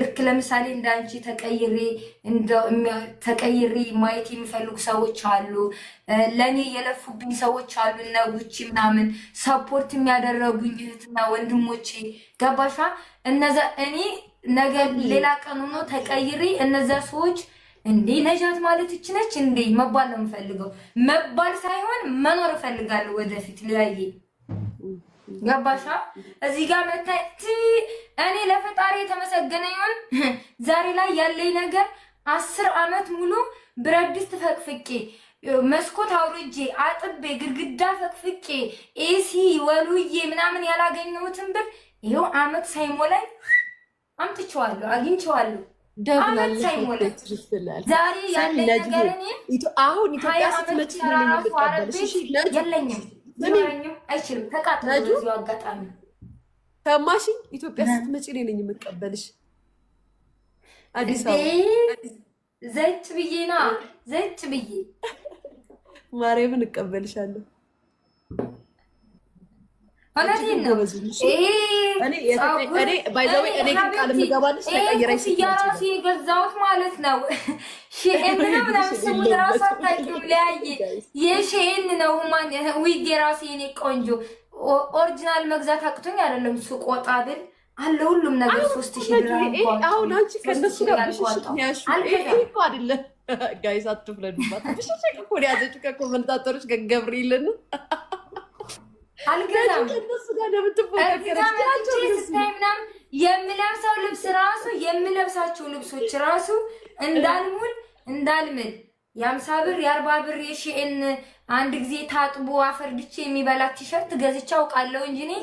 ልክ ለምሳሌ እንደ አንቺ ተቀይሬ ማየት የሚፈልጉ ሰዎች አሉ። ለእኔ የለፉብኝ ሰዎች አሉ። እነ ጉቺ ምናምን ሰፖርት የሚያደረጉኝ እህትና ወንድሞቼ ገባሻ? እነዛ እኔ ነገ ሌላ ቀን ሆኖ ተቀይሬ እነዛ ሰዎች እንዴ ነጃት ማለት እችነች እንዴ መባል ነው የምፈልገው። መባል ሳይሆን መኖር እፈልጋለሁ ወደፊት ሊያየ ገባሻ? እዚህ ጋር መታ እኔ የተመሰገነ ይሁን። ዛሬ ላይ ያለኝ ነገር አስር አመት ሙሉ ብረት ድስት ፈቅፍቄ መስኮት አውርጄ አጥቤ ግድግዳ ፈቅፍቄ ኤሲ ወሉዬ ምናምን ያላገኘሁትን ብር ይኸው አመት ሳይሞላኝ አምጥቼዋለሁ፣ አግኝቼዋለሁ። አመት ሳይሞላኝ ዛሬ ያለኝ ነገር እኔ አሁን ኢትዮጵያ ስትመጪ የለኝም፣ አይችልም። ተቃጥሎ እዚሁ አጋጣሚ ከማሽ ኢትዮጵያ ስትመጪ እኔ ነኝ የምቀበልሽ። አዲስ አበባ ዘጭ ብዬ ና ዘጭ ብዬ ማርያምን እቀበልሻለሁ። የገዛሁት ማለት ነው። ሼን ነው አታውቂውም። ነው ማን ቆንጆ ኦሪጂናል መግዛት አቅቶኝ አይደለም። ሱቅ ወጣ ብል አለ ሁሉም ነገር ሶስት ሺ አሁን አንቺ ከነሱ አይደለ ጋይስ፣ አትፍረዱባት። ብሽሽቅ እኮ ነው ያዘችው ከኮመንታተሮች ከገብርኤልን አልገዛም የምለብሰው ልብስ ራሱ የምለብሳቸው ልብሶች ራሱ እንዳልሙል እንዳልምል የአምሳ ብር የአርባ ብር የሺኤን አንድ ጊዜ ታጥቦ አፈርድቼ የሚበላት ቲሸርት ገዝቼ አውቃለሁ እንጂ እኔ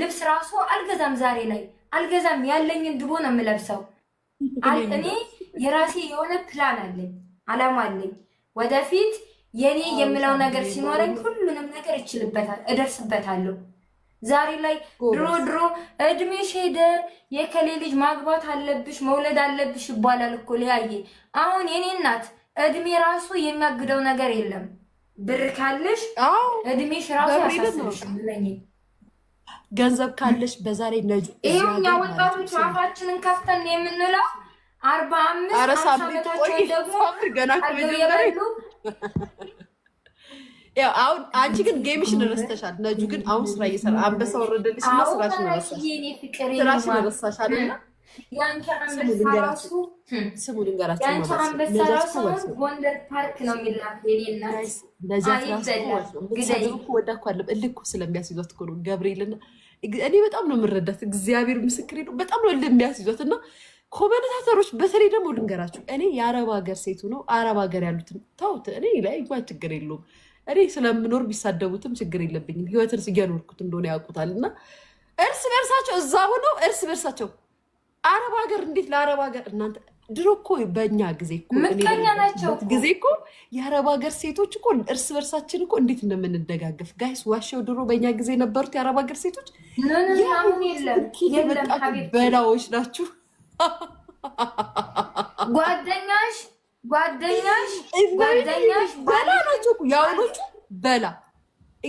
ልብስ ራሱ አልገዛም። ዛሬ ላይ አልገዛም። ያለኝን ድቦ ነው የምለብሰው። እኔ የራሴ የሆነ ፕላን አለኝ፣ አላማ አለኝ። ወደፊት የኔ የምለው ነገር ሲኖረኝ ሁሉንም ነገር እችልበታል፣ እደርስበታለሁ። ዛሬ ላይ ድሮ ድሮ እድሜሽ ሄደ የከሌ ልጅ ማግባት አለብሽ መውለድ አለብሽ ይባላል እኮ ሊያየ አሁን የኔ እናት እድሜ ራሱ የሚያግደው ነገር የለም። ብር ካለሽ እድሜሽ ራሱ ያሳስብሽለኝ ገንዘብ ካለሽ በዛሬ ነጁ ይሄው ወጣቶች አፋችንን ከፍተን የምንለው አርባ አምስት ዓመታቸውን ደግሞ የበሉ አሁን አንቺ ግን ጌምሽን ረስተሻል። ነጁ ግን አሁን ስራ እየሰራ አንበሳ ወረደልሽ እና ስራሽን ረሳሽ። ስራሽን ስሙ ልንገራቸው ጎንደር ፓርክ ነው የሚላት እልኩ ስለሚያስይዟት እኮ ነው ገብርኤልና እኔ በጣም ነው የምረዳት። እግዚአብሔር ምስክር ነው። በጣም ነው እንደሚያስይዟት እና ኮመንታተሮች በተለይ ደግሞ ልንገራችሁ፣ እኔ የአረብ ሀገር ሴቱ ነው አረብ ሀገር ያሉትን ተውት፣ እኔ ላይ እንኳን ችግር የለውም። እኔ ስለምኖር ቢሳደቡትም ችግር የለብኝም። ህይወትን እየኖርኩት እንደሆነ ያውቁታል። እና እርስ በርሳቸው እዛ ሆነው እርስ በርሳቸው አረብ ሀገር እንዴት ለአረብ ሀገር እናንተ ድሮ እኮ በእኛ ጊዜ ምቀኛ ናቸው ጊዜ እኮ የአረብ ሀገር ሴቶች እኮ እርስ በርሳችን እኮ እንዴት እንደምንደጋገፍ ጋይስ ዋሻው ድሮ በእኛ ጊዜ የነበሩት የአረብ ሀገር ሴቶች በላዎች ናችሁ። ጓደኛሽ ጓደኛሽ ጓደኛሽ በላ ናቸው። የአሁኖቹ በላ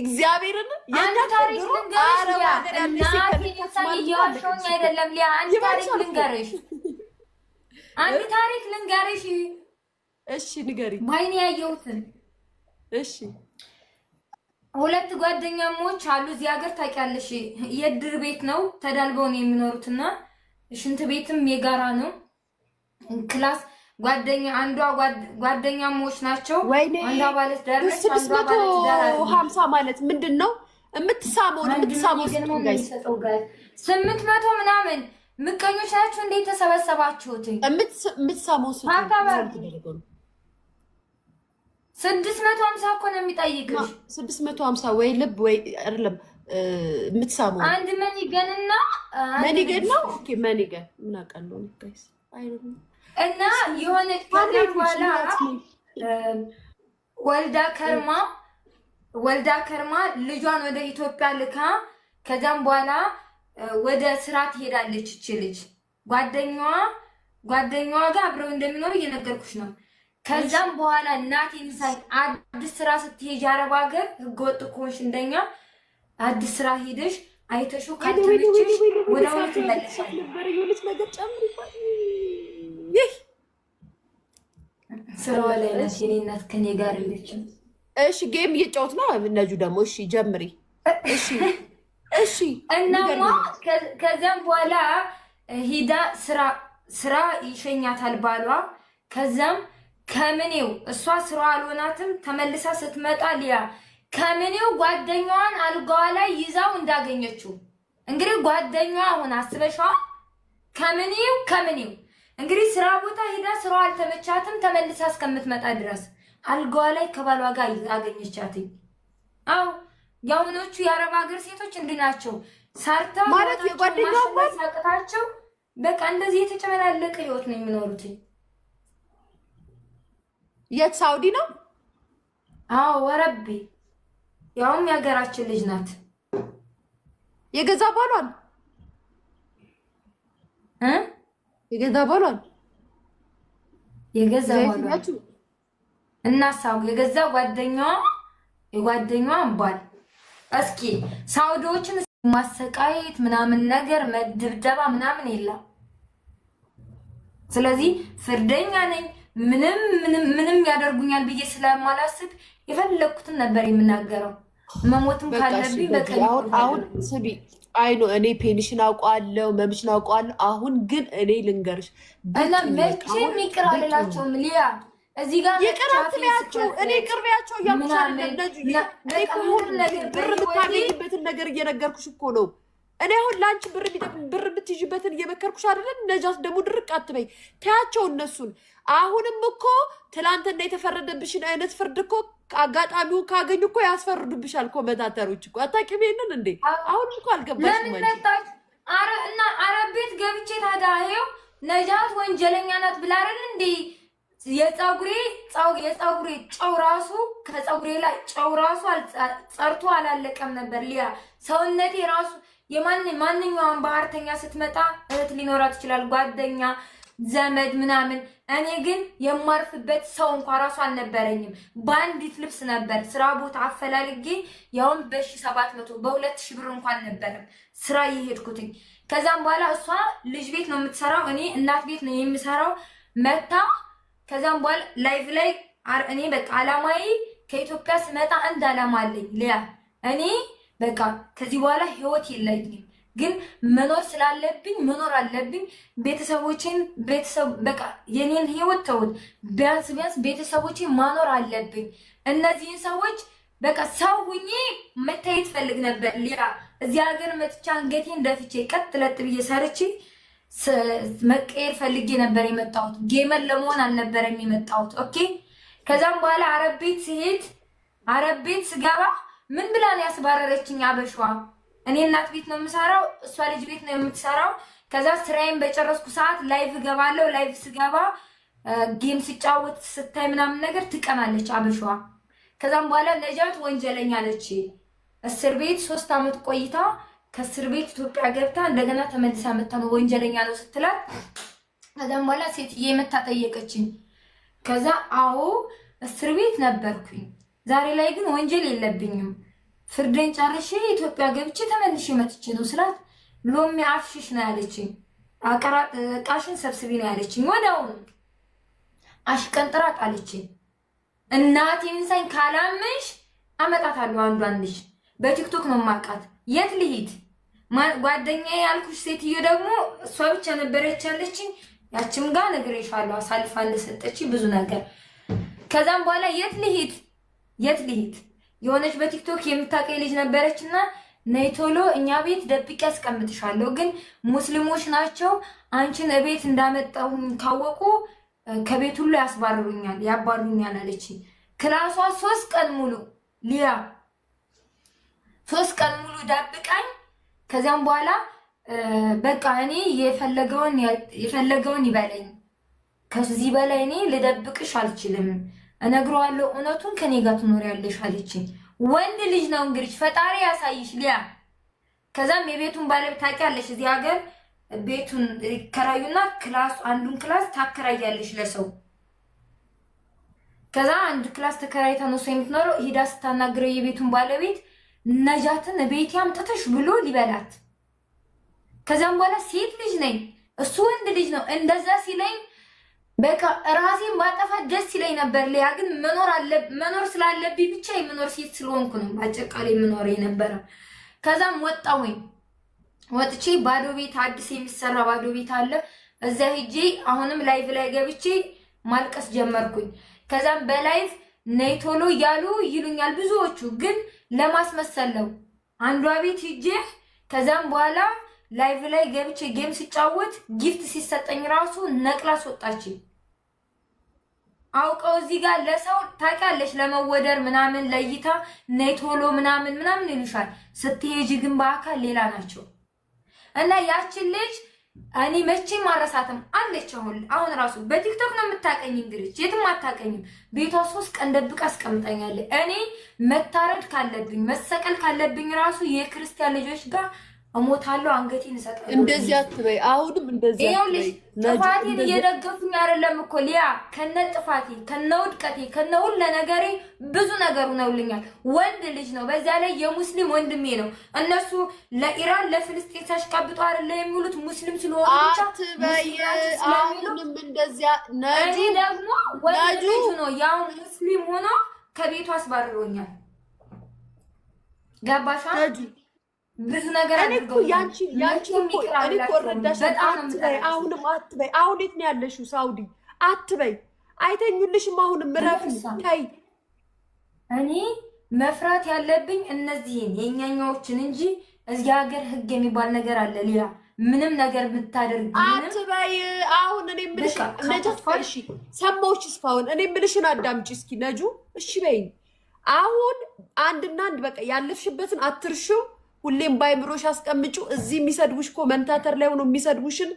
እግዚአብሔርን አንድ ታሪክ ልንገርሽ አይደለም፣ ሊያ አንድ ታሪክ ልንገርሽ፣ አንድ ታሪክ ልንገርሽ። እሺ ንገሪ። ማይን ያየሁትን። እሺ ሁለት ጓደኛሞች አሉ እዚህ ሀገር ታውቂያለሽ። የድር ቤት ነው ተዳልበው ነው የሚኖሩትና ሽንት ቤትም የጋራ ነው ክላስ ጓደኛ አንዷ ጓደኛሞች ናቸው። አንዷ ማለት ዳርስ ስድስት መቶ ሀምሳ ማለት ምንድን ነው? የምትሳመውን የምትሳመው ስምንት መቶ ምናምን ምቀኞች ናችሁ። እንዴት ተሰበሰባችሁት? የምትሳመው ስድስት መቶ ሀምሳ እኮ ነው የሚጠይቅሽ። ስድስት መቶ ሀምሳ ወይ ልብ ወይ አይደለም የምትሳመው አንድ መኒገን እና መኒገን ነው መኒገን ምን አውቃለሁ ጋይስ አይደለም እና የሆነ በኋላ ወልዳ ከርማ ወልዳ ከርማ ልጇን ወደ ኢትዮጵያ ልካ ከዛም በኋላ ወደ ስራ ትሄዳለች። እች ልጅ ጓደኛዋ ጓደኛዋ ጋር አብረው እንደሚኖሩ እየነገርኩሽ ነው። ከዛም በኋላ እናቴ ንሳይ አዲስ ስራ ስትሄጅ አረብ ሀገር ህገወጥ ከሆንሽ እንደኛ አዲስ ስራ ሄደሽ አይተሹ ካልተመቸሽ ወደ ሁለት ነገር ጨምር ይህ ስራዋ ላይ ናት የኔ እናት፣ ከኔ ጋር የለችም። እሺ ጌም እየጫወት ነው እነጁ ደግሞ። እሺ ጀምሪ። እሺ እሺ። እናማ ከዚያም በኋላ ሂዳ ስራ ስራ ይሸኛታል ባሏ። ከዚያም ከምኔው እሷ ስራ አልሆናትም። ተመልሳ ስትመጣ ሊያ ከምኔው ጓደኛዋን አልጋዋ ላይ ይዛው እንዳገኘችው እንግዲህ ጓደኛዋ አሁን አስበሻዋ ከምኔው ከምኔው እንግዲህ ስራ ቦታ ሄዳ ስራው አልተመቻትም። ተመልሳ እስከምትመጣ ድረስ አልጋዋ ላይ ከባሏ ጋር አገኘቻት አዎ የአሁኖቹ የአረብ ሀገር ሴቶች እንዲህ ናቸው። ሳርታ ማለት ሳቅታቸው በቃ እንደዚህ የተጨመላለቀ ህይወት ነው የሚኖሩት። የት ሳውዲ ነው? አዎ ወረቢ ያውም የሀገራችን ልጅ ናት። የገዛ ባሏን የገዛ ባሏል የገዛ ባሏል እናሳው የገዛ ጓደኛዋ የጓደኛዋን ባል እስኪ ሳውዲዎችን ማሰቃየት ምናምን ነገር መድብደባ ምናምን የለም። ስለዚህ ፍርደኛ ነኝ ምንም ምንም ምንም ያደርጉኛል ብዬ ስለማላስብ የፈለግኩትን ነበር የምናገረው። መሞትም ካለብኝ በአሁን እኔ ፔንሽን አውቀዋለሁ፣ መምሽን አውቀዋለሁ። አሁን ግን እኔ ልንገርሽ መቼም ይቅር አልላቸውም። ሊያ እዚህ ጋር ይቅር አትለያቸው። እኔ ብር የምታገኝበትን ነገር እየነገርኩሽ እኮ ነው እኔ አሁን ለአንቺ ብር ብር ብትይዥበትን እየመከርኩሽ አይደለም። ነጃት ደግሞ ድርቅ አትበይ፣ ተያቸው እነሱን። አሁንም እኮ ትላንትና የተፈረደብሽን አይነት ፍርድ እኮ አጋጣሚውን ካገኙ እኮ ያስፈርዱብሻል። ኮመንታተሮች እኮ አታውቂም ይሄንን እንዴ? አሁን እኮ አልገባሽም። እና አረብ ገብቼ ታዲያ ይኸው ነጃት ወንጀለኛ ናት ብላረን እንዴ? የፀጉሬ የፀጉሬ ጨው ራሱ ከፀጉሬ ላይ ጨው ራሱ ጸርቶ አላለቀም ነበር ሊያ ሰውነቴ ራሱ ማንኛውም ባህርተኛ ስትመጣ እህት ሊኖራት ይችላል፣ ጓደኛ፣ ዘመድ ምናምን። እኔ ግን የማርፍበት ሰው እንኳ ራሱ አልነበረኝም። በአንዲት ልብስ ነበር ስራ ቦታ አፈላልጌ ያውም በሺ ሰባት መቶ በሁለት ሺ ብር እንኳ አልነበረም ስራ የሄድኩትኝ። ከዛም በኋላ እሷ ልጅ ቤት ነው የምትሰራው፣ እኔ እናት ቤት ነው የምሰራው። መታ ከዛም በኋላ ላይቭ ላይ እኔ በቃ አላማዬ ከኢትዮጵያ ስመጣ አንድ አላማ አለኝ ሊያ እኔ በቃ ከዚህ በኋላ ህይወት የለኝም፣ ግን መኖር ስላለብኝ መኖር አለብኝ። ቤተሰቦችን ቤተሰብ በቃ የኔን ህይወት ተውት፣ ቢያንስ ቢያንስ ቤተሰቦችን ማኖር አለብኝ። እነዚህን ሰዎች በቃ ሰው ሁኜ መታየት ፈልግ ነበር። ሊያ እዚህ ሀገር መጥቻ አንገቴን ደፍቼ ቀጥ ለጥ ብዬ ሰርቼ መቀየር ፈልጌ ነበር የመጣሁት። ጌመር ለመሆን አልነበረም የመጣሁት። ኦኬ። ከዛም በኋላ አረብ ቤት ስሄድ አረብ ቤት ስገባ ምን ብላን ያስባረረችኝ አበሿ። እኔ እናት ቤት ነው የምሰራው፣ እሷ ልጅ ቤት ነው የምትሰራው። ከዛ ስራዬን በጨረስኩ ሰዓት ላይቭ እገባለሁ። ላይቭ ስገባ ጌም ስጫወት ስታይ ምናምን ነገር ትቀናለች አበሿ። ከዛም በኋላ ነጃት ወንጀለኛ ነች። እስር ቤት ሶስት አመት ቆይታ ከእስር ቤት ኢትዮጵያ ገብታ እንደገና ተመልሳ መታ ነው ወንጀለኛ ነው ስትላት፣ ከዛም በኋላ ሴትዬ መታ ጠየቀችኝ። ከዛ አዎ እስር ቤት ነበርኩኝ ዛሬ ላይ ግን ወንጀል የለብኝም ፍርዴን ጨርሼ ኢትዮጵያ ገብቼ ተመልሼ መጥቼ ነው ስላት፣ ሎሚ አፍሽሽ ነው ያለችኝ። እቃሽን ሰብስቢ ነው ያለችኝ። ወዲያውኑ አሽቀንጥራ ጣለችኝ። እናቴ ምንሳኝ ካላመንሽ አመጣታለሁ አንዱ አንድሽ በቲክቶክ ነው ማውቃት። የት ልሂድ? ጓደኛ ያልኩሽ ሴትዮ ደግሞ እሷ ብቻ ነበረች ያለችኝ። ያችም ጋር ነግሬሻለሁ አሳልፋ እንደሰጠችኝ ብዙ ነገር። ከዛም በኋላ የት ልሂድ የት ልሂድ? የሆነች በቲክቶክ የምታውቀኝ ልጅ ነበረች እና ነይ ቶሎ እኛ ቤት ደብቄ ያስቀምጥሻለሁ፣ ግን ሙስሊሞች ናቸው አንቺን እቤት እንዳመጣሁኝ ካወቁ ከቤት ሁሉ ያስባርሩኛል ያባርሩኛል አለች። ክላሷ ሶስት ቀን ሙሉ ሊያ ሶስት ቀን ሙሉ ዳብቃኝ። ከዚያም በኋላ በቃ እኔ የፈለገውን የፈለገውን ይበለኝ፣ ከዚህ በላይ እኔ ልደብቅሽ አልችልም እነግረዋለሁ እውነቱን ከኔ ጋር ትኖሪያለሽ አለችኝ። ወንድ ልጅ ነው እንግዲህ ፈጣሪ ያሳይሽ ሊያ። ከዛም የቤቱን ባለቤት ታውቂያለሽ። እዚህ ሀገር ቤቱን ይከራዩና ክላስ አንዱን ክላስ ታከራያለሽ ለሰው። ከዛ አንድ ክላስ ተከራይታ ነው ሰው የምትኖረው። ሂዳ ስታናግረው የቤቱን ባለቤት ነጃትን ቤት ያምጥተሽ ብሎ ሊበላት። ከዛም በኋላ ሴት ልጅ ነኝ እሱ ወንድ ልጅ ነው እንደዛ ሲለኝ በቃ ራሴን ባጠፋት ደስ ይለኝ ነበር። ሊያ ግን መኖር ስላለብኝ ብቻ የምኖር ሴት ስለሆንኩ ነው በአጭር ቃል የምኖር የነበረ። ከዛም ወጣሁኝ። ወጥቼ ባዶ ቤት አዲስ የሚሰራ ባዶ ቤት አለ። እዛ ሄጄ አሁንም ላይቭ ላይ ገብቼ ማልቀስ ጀመርኩኝ። ከዛም በላይቭ ነይ ቶሎ እያሉ ይሉኛል ብዙዎቹ። ግን ለማስመሰል ነው አንዷ ቤት ሄጄ ከዛም በኋላ ላይቭ ላይ ገብቼ ጌም ስጫወት ጊፍት ሲሰጠኝ ራሱ ነቅላ አስወጣችኝ። አውቀው እዚህ ጋር ለሰው ታውቂያለሽ፣ ለመወደር ምናምን ለእይታ ነይ ቶሎ ምናምን ምናምን ይሉሻል። ስትሄጂ ግን በአካል ሌላ ናቸው እና ያችን ልጅ እኔ መቼም አረሳትም አለች። አሁን አሁን ራሱ በቲክቶክ ነው የምታቀኝ እንግዲህ የትም አታቀኝም። ቤቷ ሶስት ቀን ደብቅ አስቀምጠኛለች። እኔ መታረድ ካለብኝ መሰቀል ካለብኝ ራሱ የክርስቲያን ልጆች ጋር እሞታለሁ አንገቴን እሰጣለሁ። እንደዚህ አትበይ። አሁንም እንደዚህ አትበይ። ጥፋቴን እየደገፉኝ አይደለም እኮ ሊያ። ከነ ጥፋቴ ከነ ውድቀቴ ከነ ሁሉ ነገሬ ብዙ ነገር ነውልኛል። ወንድ ልጅ ነው፣ በዛ ላይ የሙስሊም ወንድሜ ነው። እነሱ ለኢራን ለፍልስጤን ተሽቀብጦ አይደለ የሚሉት ሙስሊም ስለሆኑ ብቻ አትበይ። አሁንም እንደዚያ ነጁ ደግሞ ወንድ ልጅ ነው፣ ያው ሙስሊም ሆኖ ከቤቱ አስባርሮኛል። ገባሻ? ብዙ ነገር አድርገው ያንቺ ያንቺ አትበይ፣ አሁንም አትበይ። አሁን የት ነው ያለሽው? ሳውዲ አትበይ። አይተኙልሽም። አሁንም እረፍ ተይ። እኔ መፍራት ያለብኝ እነዚህን የእኛኛዎችን እንጂ እዚህ ሀገር ህግ የሚባል ነገር አለ። ሌላ ምንም ነገር ብታደርግ አትበይ። አሁን እኔ ምልሽ ነጃሽ ሰማዎች እስካሁን እኔ ምልሽን አዳምጪ እስኪ ነጁ። እሺ በይኝ። አሁን አንድና አንድ በቃ ያለፍሽበትን አትርሽው ሁሌም ባይምሮሽ አስቀምጩ። እዚህ የሚሰድቡሽ እኮ መንታተር ላይ ሆኖ የሚሰድቡሽን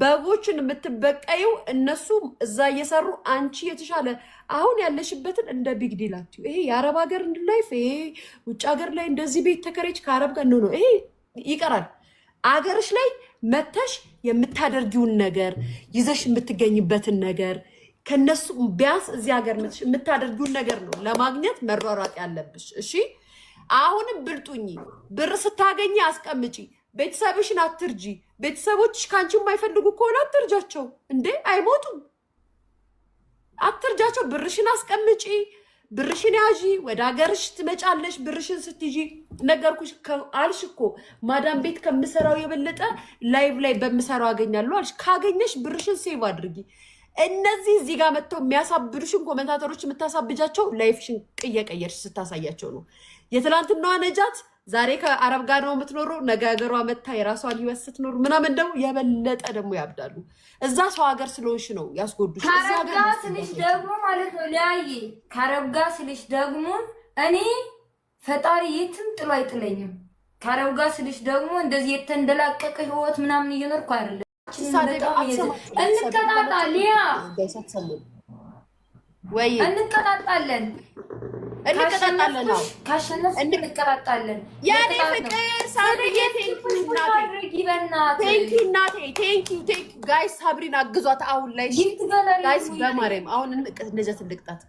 በጎችን የምትበቀየው እነሱ እዛ እየሰሩ አንቺ የተሻለ አሁን ያለሽበትን እንደ ቢግ ዲል አትዩ። ይሄ የአረብ ሀገር እንድላይፍ ይሄ ውጭ ሀገር ላይ እንደዚህ ቤት ተከሬች ከአረብ ጋር ነው ነው ይሄ ይቀራል። አገርሽ ላይ መተሽ የምታደርጊውን ነገር ይዘሽ የምትገኝበትን ነገር ከነሱ ቢያንስ እዚህ ሀገር የምታደርጊውን ነገር ነው ለማግኘት መሯሯጥ ያለብሽ። እሺ አሁንም ብልጡኝ፣ ብር ስታገኝ አስቀምጪ፣ ቤተሰብሽን አትርጂ። ቤተሰቦችሽ ከአንቺ የማይፈልጉ ከሆነ አትርጃቸው እንዴ፣ አይሞቱም። አትርጃቸው። ብርሽን አስቀምጪ፣ ብርሽን ያዢ። ወደ ሀገርሽ ትመጫለሽ። ብርሽን ስትይዢ ነገርኩሽ አልሽ እኮ ማዳም ቤት ከምሰራው የበለጠ ላይቭ ላይ በምሰራው አገኛለሁ አልሽ። ካገኘሽ ብርሽን ሴቭ አድርጊ። እነዚህ እዚህ ጋር መጥተው የሚያሳብዱሽን ኮመንታተሮች የምታሳብጃቸው ላይፍሽን ቅየቀየርሽ ስታሳያቸው ነው። የትላንትናዋ ነጃት ዛሬ ከአረብ ጋር ነው የምትኖረው። ነገ ሀገሯ መታ የራሷን ህይወት ስትኖር ምናምን ደግሞ የበለጠ ደግሞ ያብዳሉ። እዛ ሰው ሀገር ስለሆንሽ ነው ያስጎዱሽ። ከአረብ ጋር ስልሽ ደግሞ ማለት ነው ሊያየ ከአረብ ጋር ስልሽ ደግሞ እኔ ፈጣሪ የትም ጥሎ አይጥለኝም። ከአረብ ጋር ስልሽ ደግሞ እንደዚህ የተንደላቀቀ ህይወት ምናምን እየኖርኩ አይደለም። እንቀጣጣለን እንቀጣጣለን። ጋይስ ሳብሪን አግዟት አሁን ላይ ጋይስ፣ በማርያም አሁን እንደዚያ ትልቅጣት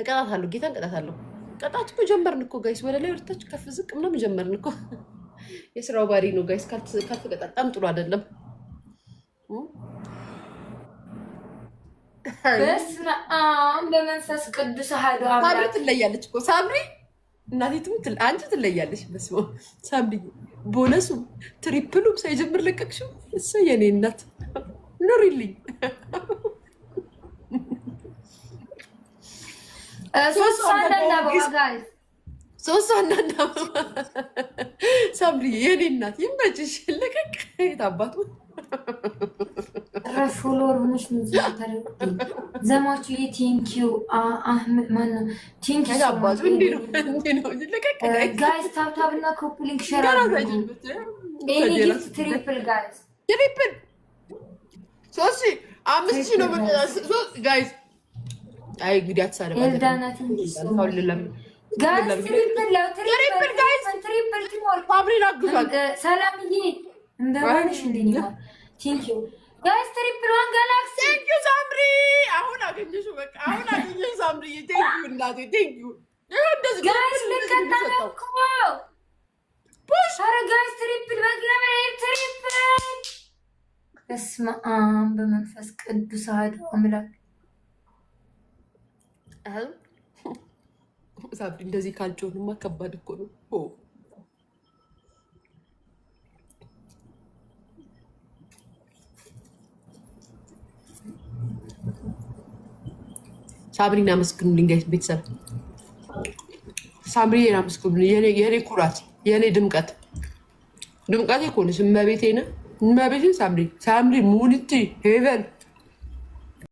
እቀጣታለሁ፣ ጌታ እንቀጣታለሁ። ቀጣት እኮ ጀመርን እኮ ጋይስ፣ ወደ ላይ ወደታች ከፍ ዝቅ ምናምን ጀመርን እኮ። የስራው ባሪ ነው ጋይስ። ካልተቀጣጣም ጥሩ አይደለም። በስመአብ በመንፈስ ቅዱስ አሐዱ አምላክ። ትለያለች እኮ ሳምሪ እናቴ ትሙት፣ አንቺ ትለያለች። በስመ አብ ሳምሪ፣ ቦነሱ ትሪፕሉም ሳይጀምር ለቀቅሽው። እሷ የኔ እናት ኑሪልኝ። ሶስት ሳምሪ የኔ እናት ይመችሽ። ለቀቅ የት አባቱ ጭራሽ ፎሎወር ሆነሽ ነው ታደርጉኝ። ዘማቹ የቴንኪው አህመድ ማነው? ቴንኪው ጋይስ ታብታብ እና ኮፕሊንግ ሸራ ትሪፕል ጋይስ ትሪፕል ሶስት አምስት ሺህ ነው ጋይስ። አይ ጉድ አትሳደብ ኤልዳናት ጋይስ ትሪፕል ቲንክ ዩ ጋይስ ትሪፕል ጋላክሲ ቲንክ ሳምሪ። አሁን አገኘሽ፣ በቃ አሁን አገኘሽ ሳምሪ። ቲንክ እናቴ፣ ቲንክ ጋይስ። ልቀጣለሁ እኮ ኧረ ጋይስ ትሪፕል በእግዚአብሔር ትሪፕል። በስመ አብ በመንፈስ ቅዱስ አሐዱ አምላክ። ሳምሪ እንደዚህ ካልጮንማ ከባድ እኮ ነው። ሳምሪን አመስግኑልኝ ቤተሰብ፣ ሳምሪን አመስግኑ። የኔ ኩራት፣ የኔ ድምቀት፣ ድምቀት እኮ ነች። እመቤቴን፣ ነ ሳምሪ፣ ሳምሪ ሙኒቲ ሄቨን